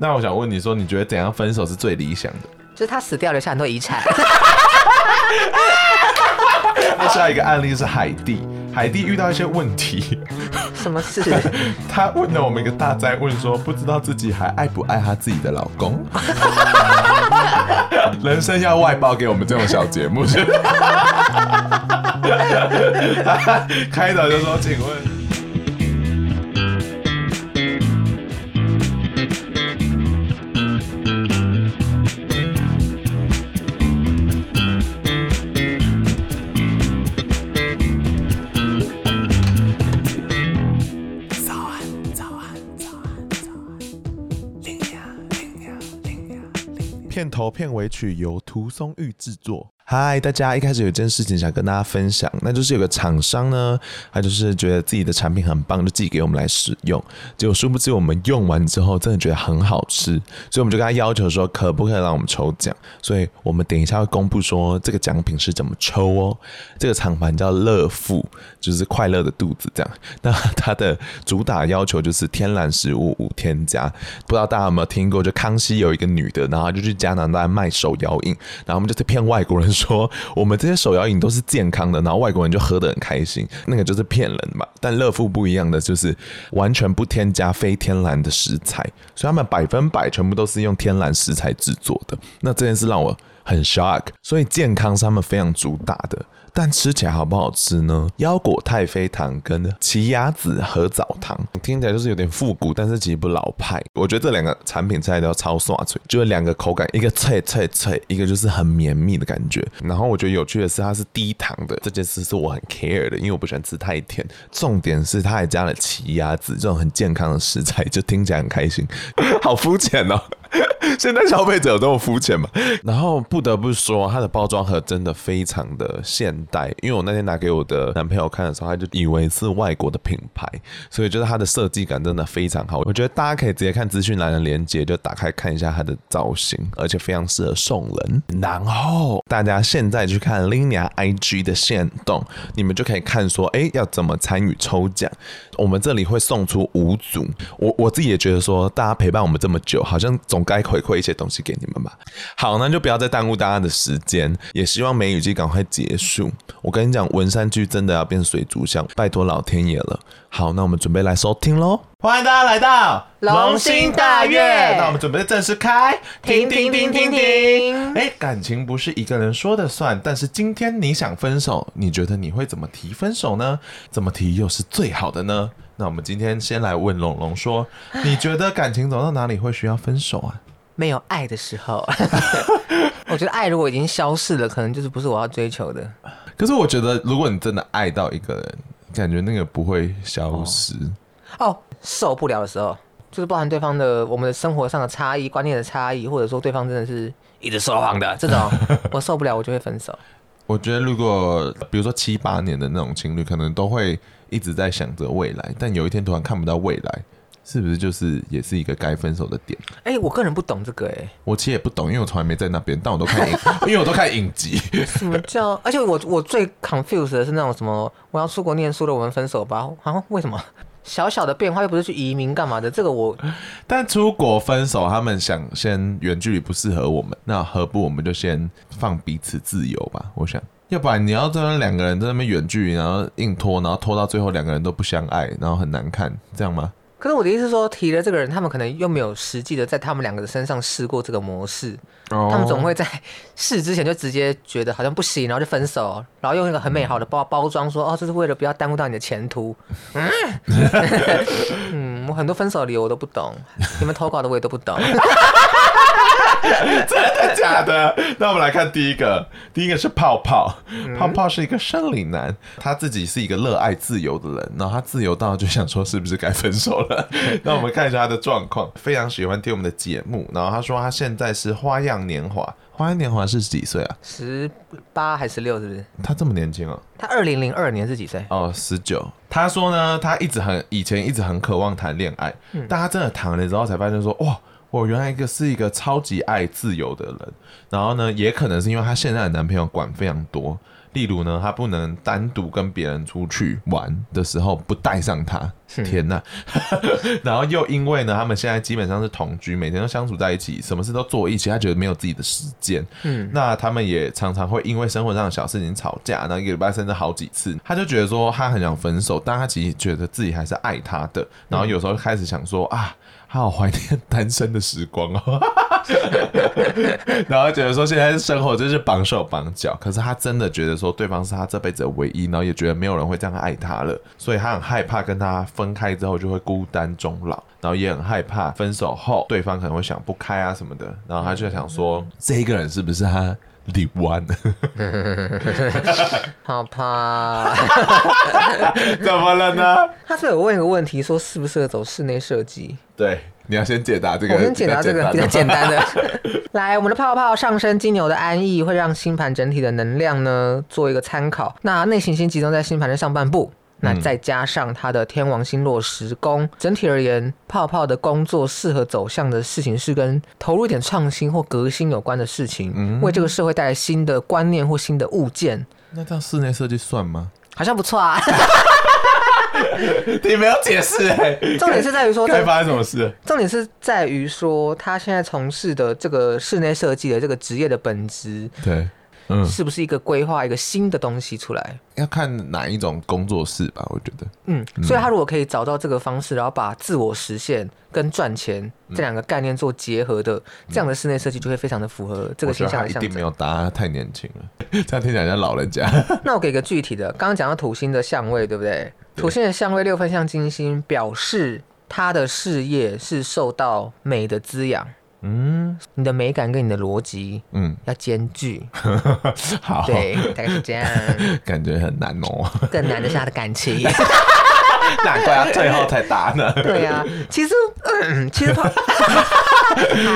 那我想問你說，你覺得怎樣分手是最理想的？就是他死掉，留下很多遺產。那下一個案例是海蒂，海蒂遇到一些問題，什麼事？ 他問了我們一個大哉問說不知道自己還愛不愛他自己的老公。 人生要外包給我們這種小節目是？ 他開頭就說，請問。片尾曲由涂松玉製作。嗨，Hi，大家！一開始有件事情想跟大家分享，那就是有個廠商呢，他就是覺得自己的產品很棒，就寄給我們來使用。結果殊不知，我們用完之後，真的覺得很好吃，所以我們就跟他要求說，可不可以讓我們抽獎？所以我們等一下會公布說這個獎品是怎麼抽哦。這個廠牌叫樂腹，就是快樂的肚子這樣。那它的主打要求就是天然食物，無添加。不知道大家有沒有聽過？就康熙有一個女的，然後就去加拿大賣手搖飲，然後我們就是騙外國人。說我們這些手搖飲都是健康的，然後外國人就喝得很開心，那個就是騙人吧。但樂腹不一樣的就是完全不添加非天然的食材，所以他們百分百全部都是用天然食材製作的。那這件事讓我很 shock，所以健康是他們非常主打的。但吃起來好不好吃呢？腰果太妃糖跟奇亞籽和藻糖聽起來就是有點復古，但是其實不老派。我覺得這兩個產品真的超爽脆，就是兩個口感，一個脆脆脆，一個就是很綿密的感覺。然後我覺得有趣的是，它是低糖的，這件事是我很 care 的，因為我不喜歡吃太甜。重點是它還加了奇亞籽這種很健康的食材，就聽起來很開心。好膚淺哦。 現在消費者有這麼膚淺嗎？然後不得不說，它的包裝盒真的非常的現代，因為我那天拿給我的男朋友看的時候，他就以為是外國的品牌，所以就是它的設計感真的非常好。我覺得大家可以直接看資訊欄的鏈接，就打開看一下它的造型，而且非常適合送人。然後大家現在去看拎娘 IG 的限動，你們就可以看說，哎、欸，要怎麼參與抽獎？我們這裡會送出五組。我我自己也覺得說，大家陪伴我們這麼久，好像總我該回饋一些東西給你們吧。好，那就不要再耽誤大家的時間，也希望梅雨季趕快結束。我跟你講，文山區真的要變水族箱，拜託老天爺了。好，那我們準備來收聽嘍。歡迎大家來到隆星大悅。大悅。那我們準備正式開聽聽聽聽聽。哎，感情不是一個人說的算，但是今天你想分手，你覺得你會怎麼提分手呢？怎麼提又是最好的呢？那我們今天先來問龍龍說，你覺得感情走到哪裡會需要分手啊？沒有愛的時候， 我覺得愛如果已經消逝了，可能就是不是我要追求的。可是我覺得，如果你真的愛到一個人，感覺那個不會消失。哦，哦，受不了的時候，就是包含對方的我們的生活上的差異、觀念的差異，或者說對方真的是一直說謊的這種， 我受不了，我就會分手。我覺得，如果比如說七八年的那種情侶，可能都會。一直在想着未來，但有一天突然看不到未來，是不是就是也是一個該分手的點？哎、欸，我個人不懂這個哎、欸，我其實也不懂，因為我從來沒在那邊，但我都看， 因為我都看影集。什麼叫？而且我我最 confused 的是那種什麼，我要出國念書了，我們分手吧？啊，為什麼？小小的變化又不是去移民幹嘛的？這個我……但出國分手，他們想先遠距離不適合我們，那何不我們就先放彼此自由吧？我想。要不然你要這樣兩個人在那邊遠距離，然後硬拖，然後拖到最後兩個人都不相愛，然後很難看，這樣嗎？可是我的意思是說，提了這個人，他們可能又沒有實際的在他們兩個的身上試過這個模式，oh. 他們總會在試之前就直接覺得好像不行，然後就分手，然後用一個很美好的包包裝說，哦，這是為了不要耽誤到你的前途。 嗯，我很多分手的理由我都不懂，你們投稿的我也都不懂。 真的假的？那我們來看第一個，第一個是泡泡。嗯、泡泡是一個生理男，他自己是一個熱愛自由的人，然後他自由到就想說是不是該分手了？ 那我們看一下他的狀況， 非常喜歡聽我們的節目。然後他說他現在是花樣年華，花樣年華是幾歲啊？十八還是十六？是不是？他這麼年輕哦、啊？他二零零二年是幾歲？哦，十九。他說呢，他一直很以前一直很渴望談戀愛，嗯、但他真的談了之後才發現說哇。我、哦、原來一個是一個超級愛自由的人，然後呢，也可能是因為她現在的男朋友管非常多，例如呢，她不能單獨跟別人出去玩的時候不帶上他。是天哪！ 然後又因為呢，他們現在基本上是同居，每天都相處在一起，什麼事都做一起，她覺得沒有自己的時間。嗯，那他們也常常會因為生活上的小事情吵架，那一個禮拜甚至好幾次，他就覺得說他很想分手，但他其實覺得自己還是愛她的，然後有時候開始想說、嗯、啊。他好懷念單身的時光哦， 然後覺得說現在生活就是綁手綁腳，可是他真的覺得說對方是他這輩子的唯一，然後也覺得沒有人會這樣愛他了，所以他很害怕跟他分開之後就會孤單終老，然後也很害怕分手後對方可能會想不開啊什麼的，然後他就想說、嗯、這一個人是不是他離婚？ 泡泡，怕怕 怎麼了呢？他是有問一個問題，說適不適合走室內設計？對，你要先解答這個。我先解答這個比較，比較簡單的。 來，我們的泡泡上升金牛的安逸會讓星盤整體的能量呢做一個參考。那內行星集中在星盤的上半部，那再加上它的天王星落十宮，嗯、整體而言，泡泡的工作適合走向的事情是跟投入一點創新或革新有關的事情，嗯、為這個社會帶來新的觀念或新的物件。那這樣室內設計算嗎？好像不錯啊！ 你沒有解釋欸，重點是在於說他在發生什麼事。重點是在於說他現在從事的這個室內設計的這個職業的本質。對。嗯、是不是一個規劃一個新的東西出來？要看哪一種工作室吧，我覺得。嗯，所以他如果可以找到這個方式，然後把自我實現跟賺錢、嗯、這兩個概念做結合的，嗯、這樣的室內設計就會非常的符合這個形象的象徵。他一定沒有答案，太年輕了， 這樣聽起來像老人家。 那我給個具體的，剛剛講到土星的相位，對不對？土星的相位六分像金星，表示他的事業是受到美的滋養。嗯，你的美感跟你的邏輯，嗯，要兼具。 好，對，大概是這樣。 感覺很難哦。 更難的是他的感情。 難怪要退後才答呢。對啊，其實，嗯、其實，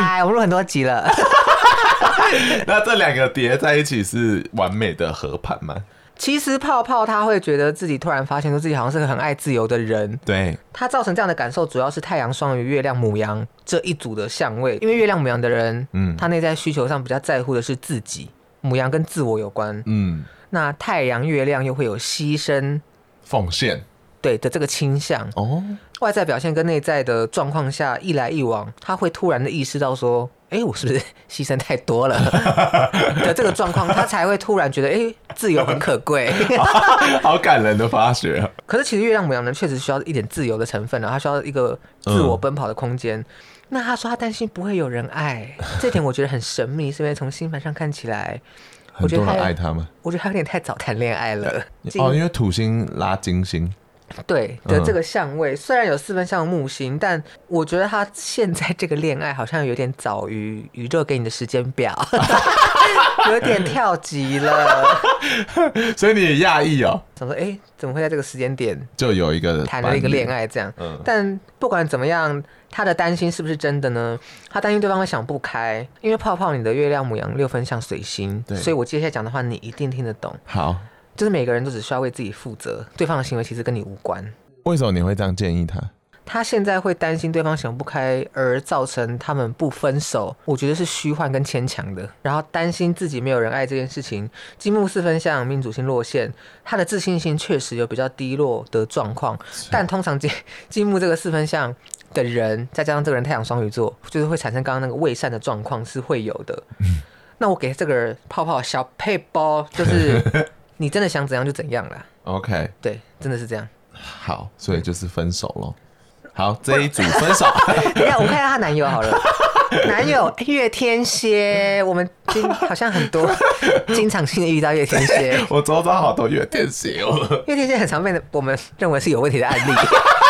哎 我們錄很多集了。 那這兩個疊在一起是完美的合盤嗎？其實泡泡他會覺得自己突然發現，說自己好像是個很愛自由的人。對，他造成這樣的感受，主要是太陽雙魚、月亮牡羊這一組的相位。因為月亮牡羊的人，嗯，他內在需求上比較在乎的是自己，牡羊跟自我有關，嗯。那太陽月亮又會有犧牲、奉獻，對的這個傾向。哦，外在表現跟內在的狀況下一來一往，他會突然的意識到說。哎、欸，我是不是犧牲太多了？ 的這個狀況，他才會突然覺得，欸、自由很可貴， 好感人的發覺、啊。可是其實月亮牡羊人確實需要一點自由的成分呢、啊，他需要一個自我奔跑的空間。嗯、那他說他擔心不會有人愛， 這點我覺得很神秘，是因為從星盤上看起來，很多人愛他嗎？我覺得他有點太早談戀愛了。哦，進因為土星拉金星。對的，這個相位、嗯、雖然有四分像木星，但我覺得他現在這個戀愛好像有點早於宇宙給你的時間表， 有點跳級了。 所以你也訝異哦？想說，哎，怎麼會在這個時間點就有一個人談了一個戀愛這樣？嗯。但不管怎麼樣，他的擔心是不是真的呢？他擔心對方會想不開，因為泡泡你的月亮牡羊六分像水星，對所以我接下來講的話你一定聽得懂。好。就是每個人都只需要為自己負責，對方的行為其實跟你無關。為什麼你會這樣建議他？他現在會擔心對方想不開而造成他們不分手，我覺得是虛幻跟牽強的。然後擔心自己沒有人愛這件事情，金木四分相命主星落陷，他的自信心確實有比較低落的狀況。是但通常金木這個四分相的人，再加上這個人太陽雙魚座，就是會產生剛剛那個未善的狀況是會有的。嗯、那我給這個泡泡小撇步就是。 你真的想怎樣就怎樣啦，OK，對，真的是這樣。好，所以就是分手咯。好，這一組分手， 等一下我看下她男友好了。 男友月天蠍，我們經好像很多經常性的遇到月天蠍。我週遭好多月天蠍哦。月天蠍很常被的我們認為是有問題的案例。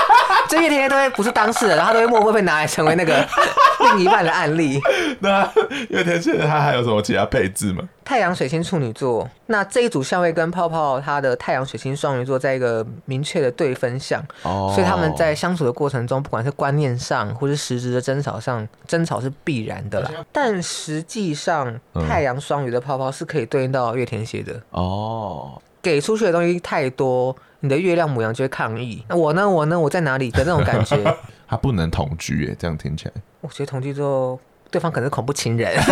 月天蠍都會不是當事人，然後都會默默被拿來成為那個 另一半的案例。 那月天蠍人他還有什麼其他配置嗎？太陽水星處女座，那這一組相位跟泡泡他的太陽水星雙魚座在一個明確的對分相，oh。所以他們在相處的過程中，不管是觀念上或是實質的爭吵上，爭吵是必然的啦。但實際上，太陽雙魚的泡泡是可以對應到月天蠍的哦，oh。給出去的東西太多。你的月亮牡羊就會抗議，那我呢？我呢？我在哪裡的那種感覺？ 他不能同居哎，這樣聽起來，我覺得同居之後，對方可能恐怖情人。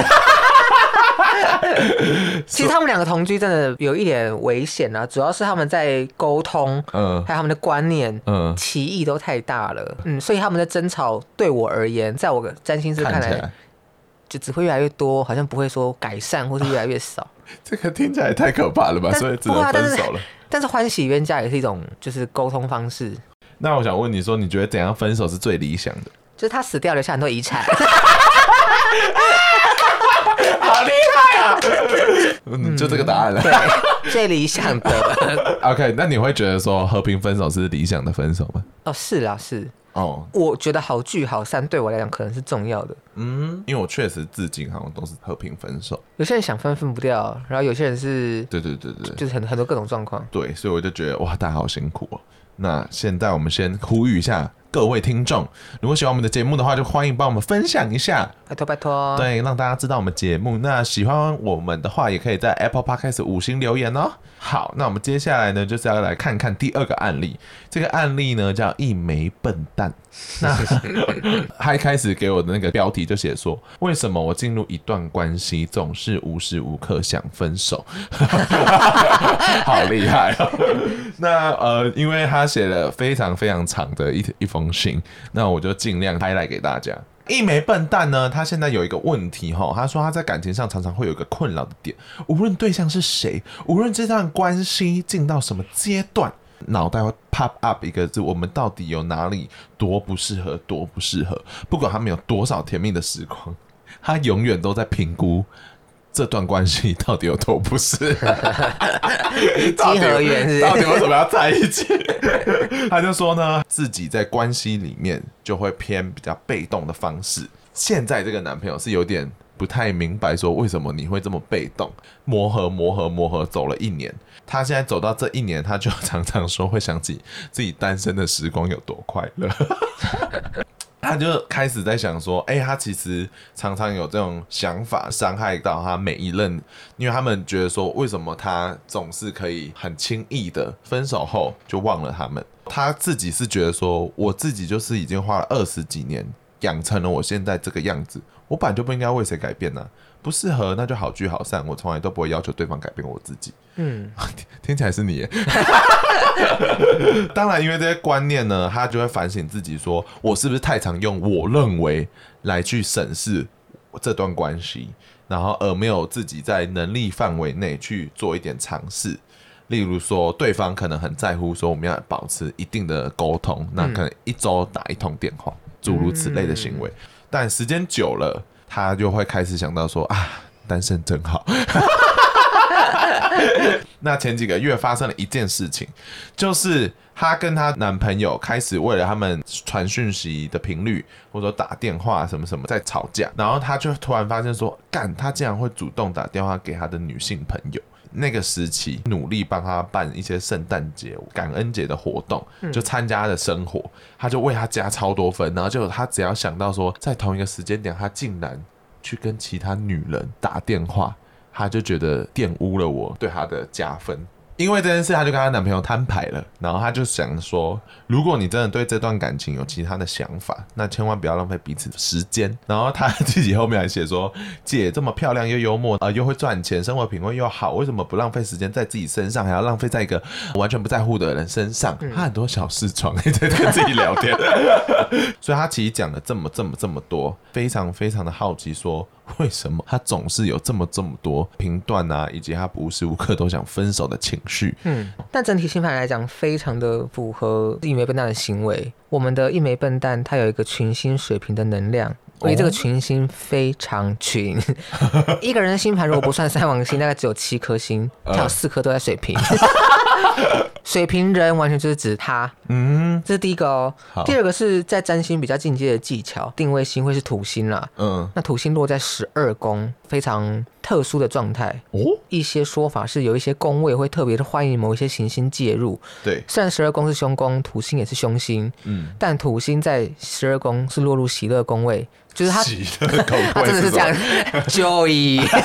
其實他們兩個同居真的有一點危險呢。啊，主要是他們在溝通，嗯、呃，還有他們的觀念，嗯、呃，差異都太大了，嗯，所以他們的爭吵對我而言，在我占星師看來，看來就只會越來越多，好像不會說改善或是越來越少。 這個聽起來也太可怕了吧？但所以只能分手了。但是歡喜冤家也是一種就是溝通方式。那我想問你說，你覺得怎樣分手是最理想的？就是他死掉，留下很多遺產。好厲害啊、喔！ 就這個答案了。對，最理想的。 OK，那你會覺得說和平分手是理想的分手嗎？哦，是啊，是。哦，oh, 我覺得好聚好散對我來講可能是重要的。嗯，因為我確實至今好像都是和平分手。有些人想分分不掉，然後有些人是……對對對對，就是很很多各種狀況。對，所以我就覺得哇，大家好辛苦哦、喔。那現在我們先呼籲一下。各位聽眾，如果喜歡我們的節目的話，就歡迎幫我們分享一下，拜託拜託，對，讓大家知道我們節目。那喜歡我們的話，也可以在 Apple Podcast 五星留言哦。好，那我們接下來呢，就是要來看看第二個案例。這個案例呢，叫一枚笨蛋。那 他一開始給我的那個標題就寫說：“為什麼我進入一段關係，總是無時無刻想分手？” 好厲害哦。那呃，因為他寫了非常非常長的一一封。那我就盡量帶來給大家。一枚笨蛋呢，他現在有一個問題，他說他在感情上常常會有一個困擾的點，無論對象是誰，無論這段關係進到什麼階段，腦袋會 pop up 一個字，我們到底有哪裡多不適合，多不適合？不管他們有多少甜蜜的時光，他永遠都在評估。這段關係到底有多不適合？你到底為什麼要在一起？ 他就說呢，自己在關係裡面就會偏比較被動的方式。現在這個男朋友是有點不太明白，說為什麼你會這麼被動。磨合，磨合，磨合，走了一年，他現在走到這一年，他就常常說會想起自己單身的時光有多快樂。 他就開始在想說，哎、欸，他其實常常有這種想法，傷害到他每一任，因為他們覺得說，為什麼他總是可以很輕易的分手後就忘了他們？他自己是覺得說，我自己就是已經花了二十幾年，養成了我現在這個樣子，我本來就不應該為誰改變呢、啊？不適合，那就好聚好散。我從來都不會要求對方改變我自己。嗯， 聽起來是你。 當然，因為這些觀念呢，他就會反省自己說，說我是不是太常用我認為來去審視這段關係，然後而沒有自己在能力範圍內去做一點嘗試。例如說，對方可能很在乎，說我們要保持一定的溝通，那可能一周打一通電話，嗯、諸如此類的行為。嗯、但時間久了。她就會開始想到說啊，單身真好。 那前幾個月發生了一件事情，就是她跟她男朋友開始為了他們傳訊息的頻率，或者打電話什麼什麼在吵架，然後她就突然發現說，幹，她竟然會主動打電話給她的女性朋友。那個時期，努力幫他辦一些聖誕節、感恩節的活動，就參加他的生活，他就為他加超多分。然後就他只要想到說，在同一個時間點，他竟然去跟其他女人打電話，他就覺得玷污了我對他的加分。因為這件事，她就跟她男朋友攤牌了，然後她就想說，如果你真的對這段感情有其他的想法，那千萬不要浪費彼此的時間。然後她自己後面還寫說，姐這麼漂亮又幽默啊、呃，又會賺錢，生活品味又好，為什麼不浪費時間在自己身上，還要浪費在一個完全不在乎的人身上？她是很多小視窗在跟自己聊天， 所以她其實講了這麼這麼這麼多，非常非常的好奇說。為什麼他總是有這麼這麼多評斷啊，以及他無時無刻都想分手的情緒？嗯，但整體星盤來講，非常的符合一枚笨蛋的行為。我們的一枚笨蛋，他有一個群星水瓶的能量，所以這個群星非常群。 一個人的星盤如果不算三王星，大概只有七顆星，他有四顆都在水瓶。 水瓶人完全就是指他。嗯，這是第一個哦。第二個是在占星比較進階的技巧，定位星會是土星啦。嗯，那土星落在十二宮，非常特殊的狀態。哦，一些說法是有一些宮位會特別的歡迎某一些行星介入。對，雖然十二宮是凶宮，土星也是凶星。嗯，但土星在十二宮是落入喜樂宮位，就是他，喜樂宮位，他真的是這樣，Joy。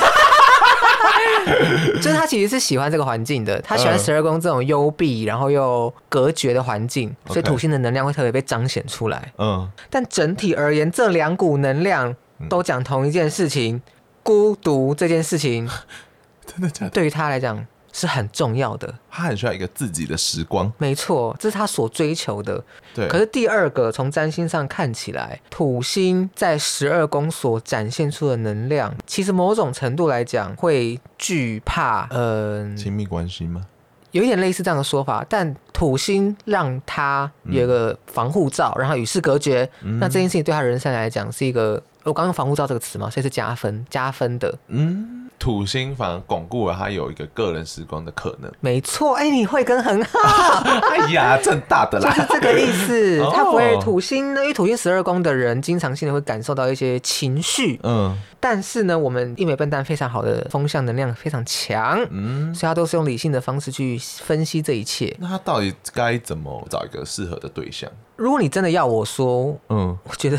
就是他其實是喜歡這個環境的，他喜歡十二宮這種幽閉然後又隔絕的環境，所以土星的能量會特別被彰顯出來。嗯，Okay. 但整體而言，這兩股能量都講同一件事情——孤獨這件事情。 真的假的？對於他來講。是很重要的，他很需要一個自己的時光。沒錯，這是他所追求的。對。可是第二個，從占星上看起來，土星在十二宮所展現出的能量，其實某種程度來講會懼怕，嗯、呃，親密關係嗎？有一點類似這樣的說法，但土星讓他有一個防護罩，然後與世隔絕。嗯、那這件事情對他人生來講是一個，我剛剛用防護罩這個詞嘛，所以是加分加分的。嗯。土星反而鞏固了他有一個個人時光的可能，沒錯。哎、欸，你會跟很好，哎呀，正大的啦，就是這個意思。哦、他不會土星呢，因為土星十二宮的人經常性的會感受到一些情緒，嗯。但是呢，我們一枚笨蛋非常好的風向能量非常強，嗯，所以他都是用理性的方式去分析這一切。那他到底該怎麼找一個適合的對象？如果你真的要我說，嗯，我覺得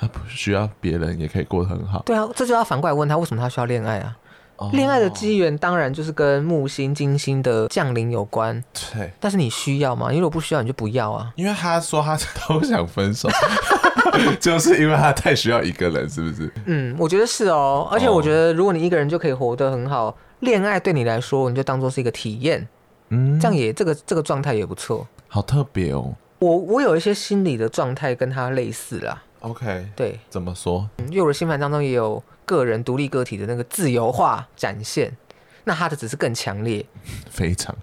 他不需要別人也可以過得很好。對啊，這就要反過來問他，為什麼他需要戀愛啊？戀、oh, 愛的機緣當然就是跟木星、金星的降臨有關。對，但是你需要嗎？因為我不需要，你就不要啊。因為他說他都想分手， 就是因為他太需要一個人，是不是？嗯，我覺得是哦。而且我覺得，如果你一個人就可以活得很好，戀、oh, 愛對你來說，你就當做是一個體驗。嗯，這樣也這個這個狀態也不錯，好特別哦。我我有一些心理的狀態跟他類似啦。OK，對，怎麼說？因為我的星盤當中也有。個人獨立個體的那個自由化展現，那它的只是更強烈，非常。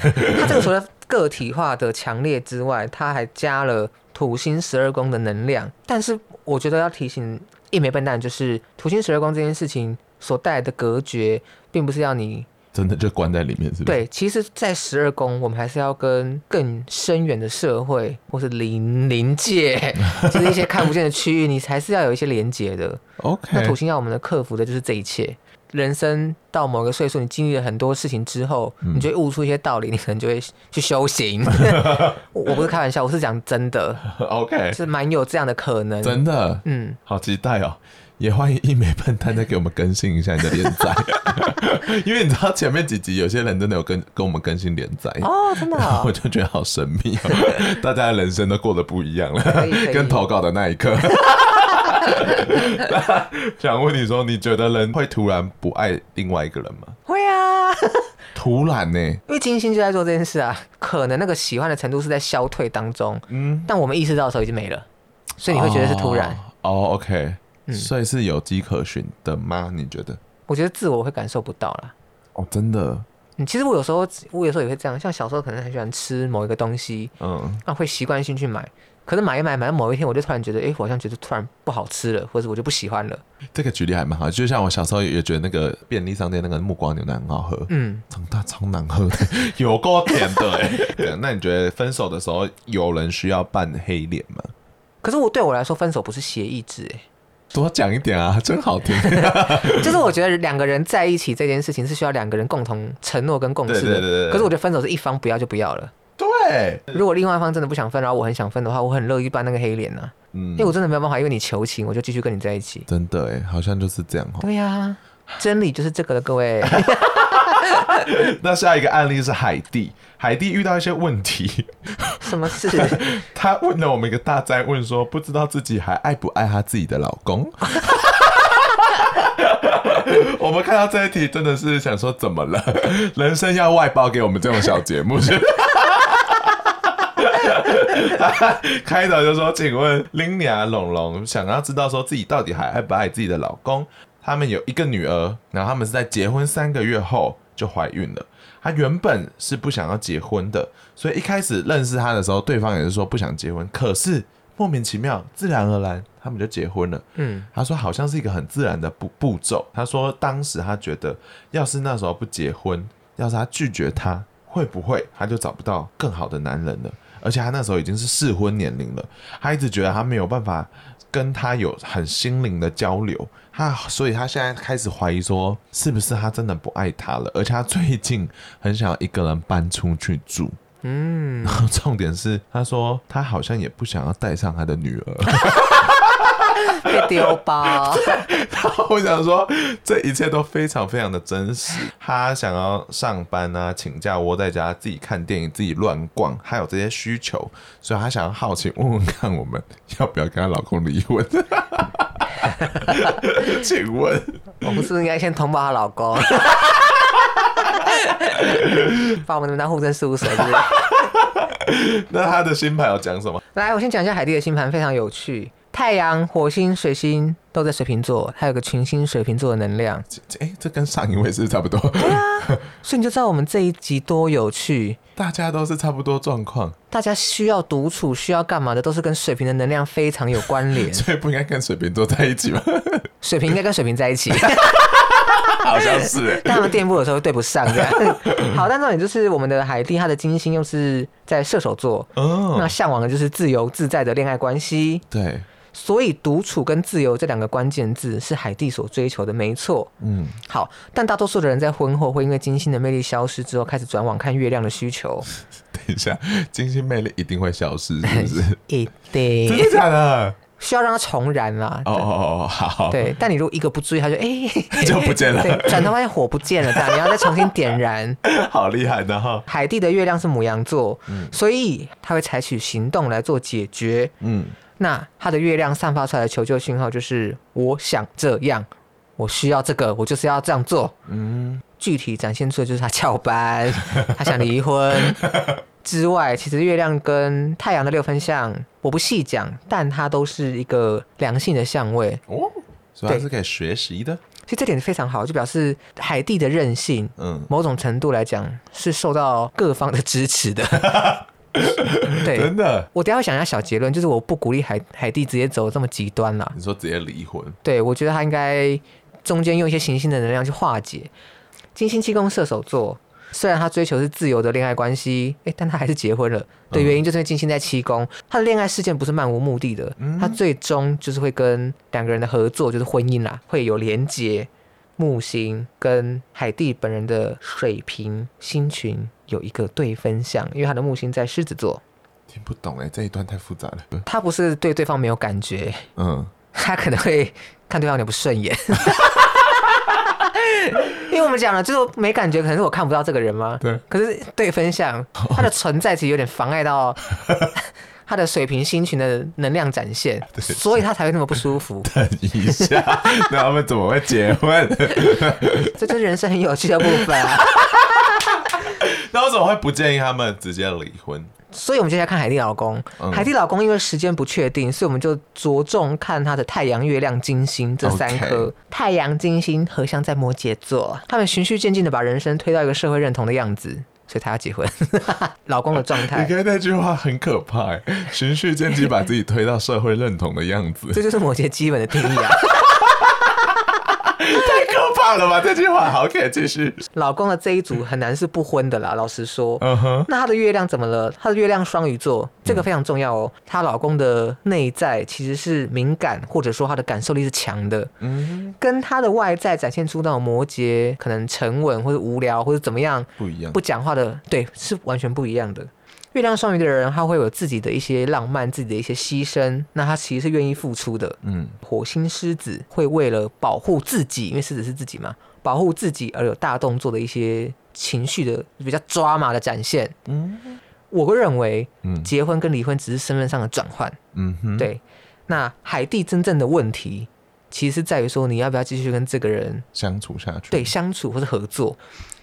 它這個除了個體化的強烈之外，它還加了土星十二宮的能量。但是我覺得要提醒一枚笨蛋，就是土星十二宮這件事情所帶來的隔絕，並不是要你。真的就關在裡面是不是？對，其實，在十二宮，我們還是要跟更深遠的社會，或是靈靈界，就是一些看不見的區域， 你還是要有一些連接的。Okay. 那土星要我們的克服的就是這一切。人生到某個歲數，你經歷了很多事情之後，嗯、你就會悟出一些道理，你可能就會去修行 我，我不是開玩笑，我是講真的。OK，是蠻有這樣的可能。真的，嗯，好期待哦。也歡迎一枚笨蛋再給我們更新一下你的連載， 因為你知道前面幾集有些人真的有跟跟我們更新連載哦，真的、哦，我就覺得好神秘、哦， 大家的人生都過得不一樣了，跟投稿的那一刻 那，想問你說，你覺得人會突然不愛另外一個人嗎？會啊， 突然呢、欸，因為金星就在做這件事啊，可能那個喜歡的程度是在消退當中，嗯，但我們意識到的時候已經沒了，所以你會覺得是突然哦，哦，OK。嗯、所以是有跡可循的嗎？你覺得？我覺得自我會感受不到啦。哦，真的。嗯，其實我有時候，我有時候也會這樣。像小時候可能很喜歡吃某一個東西，嗯，那、啊、會習慣性去買。可是買一買，買到某一天，我就突然覺得，哎、欸，我好像覺得突然不好吃了，或者我就不喜歡了。這個舉例還蠻好。就像我小時候也覺得那個便利商店那個木瓜牛奶很好喝，嗯，長大超難喝， 有夠甜的、欸、 那你覺得分手的時候有人需要扮黑臉嗎？可是我對我來說，分手不是協議制哎、欸。多講一點啊，真好聽。 就是我覺得兩個人在一起這件事情是需要兩個人共同承諾跟共識的。對對對對。可是我覺得分手是一方不要就不要了。對，如果另外一方真的不想分，然後我很想分的話，我很樂意扮那個黑臉啊。嗯，因為我真的沒有辦法，因為你求情，我就繼續跟你在一起。真的、欸，哎，好像就是這樣。對呀、啊，真理就是這個了，各位。 那下一個案例是海蒂，海蒂遇到一些問題，什麼事？ 他問了我們一個大哉，問說不知道自己還愛不愛她自己的老公。 我們看到這一題，真的是想說怎麼了？人生要外包給我們這種小節目是？ 開頭就說，請問拎娘、隆隆想要知道說自己到底還愛不愛自己的老公？他們有一個女兒，然後他們是在結婚三個月後，就懷孕了。她原本是不想要結婚的，所以一開始認識他的時候，對方也是說不想結婚。可是莫名其妙、自然而然，他們就結婚了。嗯，他說好像是一個很自然的步步驟。他說當時他覺得，要是那時候不結婚，要是他拒絕他，會不會他就找不到更好的男人了？而且他那時候已經是適婚年齡了。他一直覺得他沒有辦法跟他有很心靈的交流。他，所以他現在開始懷疑說，是不是他真的不愛他了？而且他最近很想要一個人搬出去住。嗯，然後重點是，他說他好像也不想要帶上他的女兒。 被丟包。然後 我想說，這一切都非常非常的真實。她想要上班啊，請假窩在家自己看電影，自己亂逛，還有這些需求，所以她想要好奇問問看，我們要不要跟她老公離婚？ 請問，我們是不是應該先通報她老公？ 把我們當護身事務所？是不是？ 那她的星盤要講什麼？來，我先講一下海蒂的星盤，非常有趣。太陽、火星、水星都在水瓶座，還有個群星水瓶座的能量。哎、欸，這跟上一位是不是差不多？對啊、 所以你就知道我們這一集多有趣。大家都是差不多狀況。大家需要獨處，需要幹嘛的，都是跟水瓶的能量非常有關聯。 所以不應該跟水瓶座在一起嗎？ 水瓶應該跟水瓶在一起。 好像是， 但他們店鋪的時候對不上。 好，但重點就是我們的海蒂，她的金星又是在射手座。Oh. 那嚮往的就是自由自在的戀愛關係。對。所以，獨處跟自由這兩個關鍵字是海蒂所追求的，沒錯。嗯，好。但大多數的人在婚後會因為金星的魅力消失之後，開始轉往看月亮的需求。等一下，金星魅力一定會消失，是不是？一定。真的？需要讓它重燃啊！哦好好。對。但你如果一個不注意，他就哎，就不見了。轉頭發現火不見了，這樣你要再重新點燃。好厲害！然後，海蒂的月亮是牡羊座，所以他會採取行動來做解決。嗯。那他的月亮散發出來的求救信號就是我想這樣，我需要這個，我就是要這樣做。嗯，具體展現出來就是他翹班， 他想離婚 之外，其實月亮跟太陽的六分相，我不細講，但它都是一個良性的相位。哦，對，是可以學習的。其實這點非常好，就表示海蒂的韌性，嗯，某種程度來講是受到各方的支持的。 對，真的，我等下要想一下小結論，就是我不鼓勵海海蒂直接走這麼極端了，啊。你說直接離婚？對，我覺得他應該中間用一些行星的能量去化解。金星七宮射手座，雖然他追求是自由的戀愛關係，欸，但他還是結婚了的原因，就是金星在七宮，嗯，他的戀愛事件不是漫無目的的，嗯，他最終就是會跟兩個人的合作，就是婚姻啦，啊，會有連接。木星跟海蒂本人的水瓶星群，有一個對分相，因為他的木星在獅子座，聽不懂哎，這一段太複雜了。他不是對對方沒有感覺，嗯，他可能會看對方有點不順眼， 因為我們講了就是沒感覺，可能是我看不到這個人嗎？對，可是對分相，他的存在其實有點妨礙到他的水平星群的能量展現，所以他才會那麼不舒服。等一下，那他們怎麼會結婚？ 這就是人生很有趣的部分啊。 那我怎麼會不建議他們直接離婚？所以，我們接下來看海蒂老公。嗯、海蒂老公因為時間不確定，所以我們就着重看他的太陽、月亮、金星這三顆。Okay. 太陽、金星合相在摩羯座，他們循序漸進的把人生推到一個社會認同的樣子，所以他要結婚。 老公的狀態，你覺得 那句話很可怕、欸，循序漸進把自己推到社會認同的樣子， 嗯、這就是摩羯基本的定義啊。 好了吧，這句話好可以繼續。老公的這一組很難是不婚的啦，老實說。嗯哼、uh。Huh. 那他的月亮怎麼了？他的月亮雙魚座，這個非常重要哦。她老公的內在其實是敏感，或者說他的感受力是強的。嗯。跟他的外在展現出那種摩羯可能沉穩或者無聊或者怎麼樣不一樣，不講話的，對，是完全不一樣的。月亮雙魚的人，他會有自己的一些浪漫，自己的一些犧牲。那他其實是願意付出的。嗯，火星獅子會為了保護自己，因為獅子是自己嘛，保護自己而有大動作的一些情緒的比較抓馬的展現。嗯，我會認為，嗯，結婚跟離婚只是身份上的轉換。嗯哼，對。那海蒂真正的問題，其實在於說，你要不要繼續跟這個人相處下去？對，相處或是合作。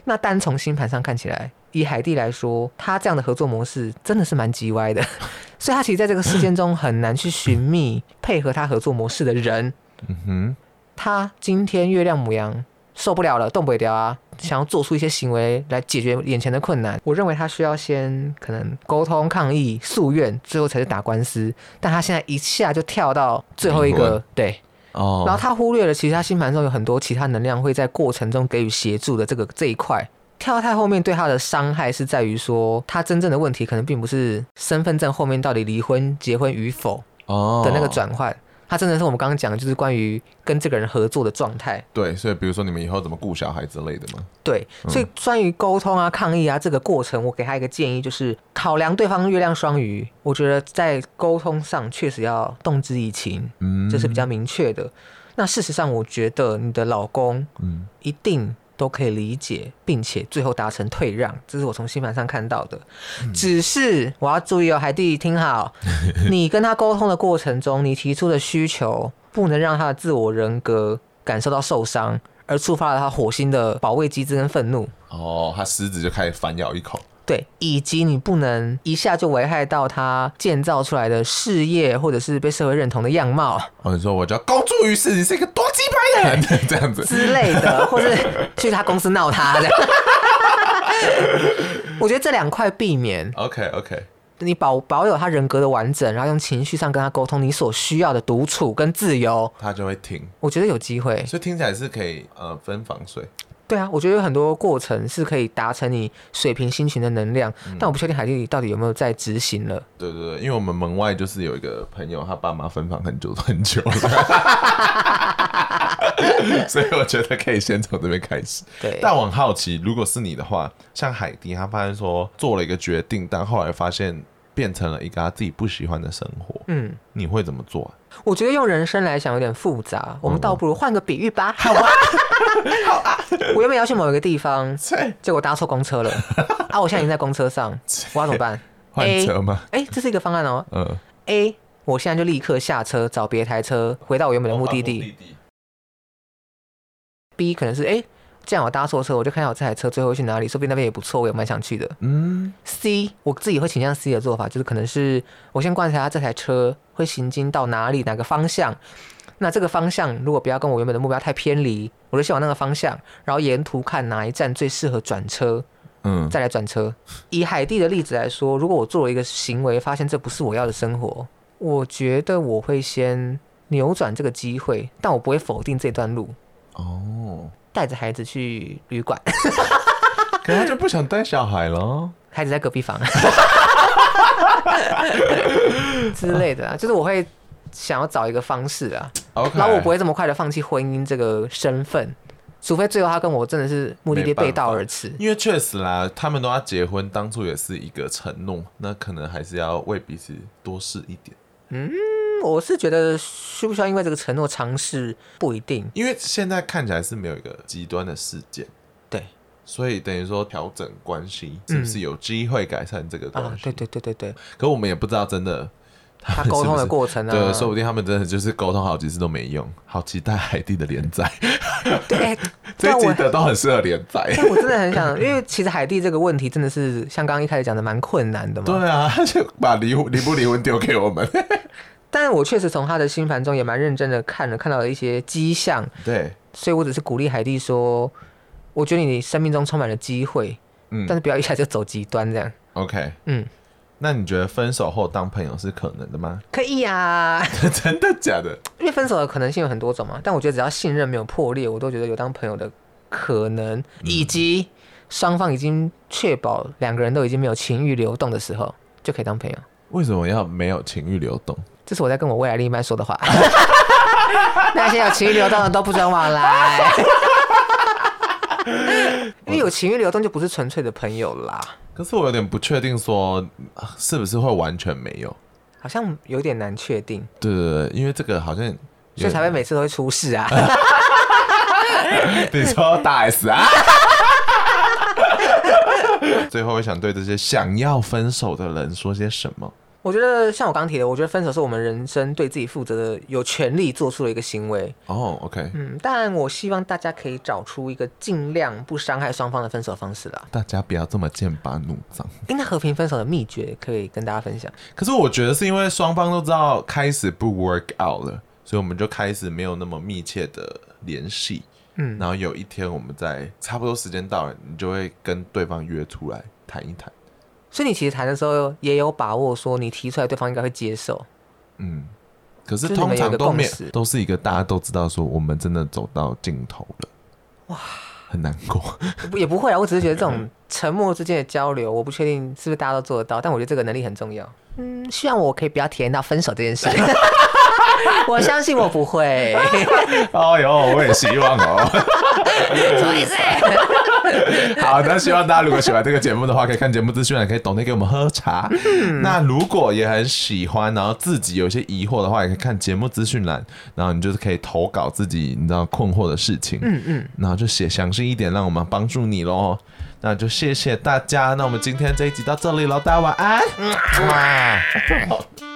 那單從星盤上看起來。以海蒂來說，他這樣的合作模式真的是蠻嘰歪的， 所以他其實在這個事件中很難去尋覓配合他合作模式的人。嗯哼，他今天月亮牡羊受不了了，動不了啊，想要做出一些行為來解決眼前的困難。我認為他需要先可能溝通抗議、訴願，最後才是打官司。但他現在一下就跳到最後一個，哎、呦對哦，然後他忽略了其實他星盤中有很多其他能量會在過程中給予協助的這個這一塊。跳太後面對他的傷害是在於說，他真正的問題可能並不是身份證後面到底離婚、結婚與否的那個轉換，哦、他真的是我們剛剛講的就是關於跟這個人合作的狀態。對，所以比如說你們以後怎麼顧小孩之類的嘛。對，嗯、所以關於溝通啊、抗議啊這個過程，我給他一個建議，就是考量對方月亮雙魚，我覺得在溝通上確實要動之以情，嗯，這是比較明確的。那事實上，我覺得你的老公，嗯，一定。都可以理解，並且最後達成退讓，這是我從星盤上看到的。嗯、只是我要注意哦，海蒂，聽好， 你跟他溝通的過程中，你提出的需求不能讓他的自我人格感受到受傷，而觸發了他火星的保衛機制跟憤怒。哦，他獅子就開始反咬一口。對，以及你不能一下就危害到他建造出來的事業，或者是被社會認同的樣貌。哦、你說我叫公諸於世，你是一個多奇葩人，這樣子之類的， 或是去他公司鬧他。我覺得這兩塊避免。OK OK，你保保有他人格的完整，然後用情緒上跟他溝通你所需要的獨處跟自由，他就會停。我覺得有機會，所以聽起來是可以呃分房睡。對啊，我覺得有很多過程是可以達成你水平心情的能量，嗯、但我不確定海蒂到底有沒有在執行了。對對對，因為我們門外就是有一個朋友，他爸媽分房很久很久了， 所以我覺得可以先從這邊開始。對，但我很好奇，如果是你的話，像海蒂，他發現說做了一個決定，但後來發現。變成了一個他自己不喜歡的生活，嗯，你會怎麼做啊？我覺得用人生來想有點複雜，我們倒不如換個比喻吧。好啊，好啊，我原本要去某一個地方， 結果搭錯公車了，啊，我現在已經在公車上，我要 怎麼辦？換車嗎？哎，這是一個方案哦，嗯，A，我現在就立刻下車，找別台車回到我原本的目的地。的地 B 可能是哎。這樣我搭錯車，我就看下我這台車最後去哪裡，說不定那邊也不錯，我也蠻想去的。嗯，C，我自己會傾向 C 的做法，就是可能是我先觀察下這台車會行經到哪裡，哪個方向。那這個方向如果不要跟我原本的目標太偏離，我就先往那個方向，然後沿途看哪一站最適合轉車，嗯，再來轉車。以海蒂的例子來說，如果我做了一個行為，發現這不是我要的生活，我覺得我會先扭轉這個機會，但我不會否定這段路。哦。帶着孩子去旅館，可能就不想帶小孩了。 孩子在隔壁房， 之類的、啊，就是我會想要找一個方式啊。Okay, 然後我不會這麼快的放棄婚姻這個身份，除非最後他跟我真的是目的地背道而馳。因為確實啦，他們都要結婚，當初也是一個承諾，那可能還是要為彼此多試一點。嗯，我是覺得需不需要因為這個承諾嘗試不一定，因為現在看起來是沒有一個極端的事件，對，所以等於說，調整關係是不是有機會改善這個關係，嗯啊？對對對對對。可我們也不知道真的他們是不是，他溝通的過程啊，對，說不定他們真的就是溝通好幾次都沒用。好期待海蒂的連載， 對，這幾集都很適合連載。我真的很想，因為其實海蒂這個問題真的是像剛剛一開始講的蠻困難的嘛。對啊，他就把離婚離不離婚丟給我們。 但是我確實從他的星盤中也蠻認真的看了，看到了一些跡象。對，所以我只是鼓勵海蒂說：“我覺得你生命中充滿了機會，嗯，但是不要一下就走極端這樣。” OK，嗯，那你覺得分手後當朋友是可能的嗎？可以啊， 真的假的？因為分手的可能性有很多種嘛，但我覺得只要信任沒有破裂，我都覺得有當朋友的可能，嗯、以及雙方已經確保兩個人都已經沒有情欲流動的時候，就可以當朋友。為什麼要沒有情欲流動？這是我在跟我未來另一半說的話。 那些有情慾流動的都不准往來， 因為有情慾流動就不是純粹的朋友了啦。可是我有點不確定，說是不是會完全沒有，好像有點難確定。對對對，因為這個好像所以才會每次都會出事啊。 你說大、啊、S 啊。 最後，我想對這些想要分手的人說些什麼？我覺得像我剛提的，我覺得分手是我們人生對自己負責的、有權利做出的一個行為。哦、oh，OK，嗯，但我希望大家可以找出一個盡量不傷害雙方的分手方式啦。大家不要這麼劍拔弩張。應 該和平分手的秘訣可以跟大家分享。可是我覺得是因為雙方都知道開始不 work out 了，所以我們就開始沒有那麼密切的聯繫。嗯，然後有一天我們在差不多時間到了，你就會跟對方約出來談一談。所以你其實談的時候也有把握說你提出來，對方應該會接受。嗯，可是通常都沒有，都是一個大家都知道說我們真的走到盡頭了。哇，很難過。也不會啊，我只是覺得這種沉默之間的交流， 我不確定是不是大家都做得到，但我覺得這個能力很重要。嗯，希望我可以不要體驗到分手這件事。 我相信我不會。 哎呦，我也希望哦。所以是。 好的，希望大家如果喜歡這個節目的話，可以看節目資訊欄，可以斗內給我們喝茶。嗯、那如果也很喜歡，然後自己有些疑惑的話，也可以看節目資訊欄，然後你就是可以投稿自己你知道困惑的事情，嗯嗯，然後就寫詳細一點，讓我們幫助你咯。那就謝謝大家，那我們今天這一集到這裡咯，大家晚安。嗯啊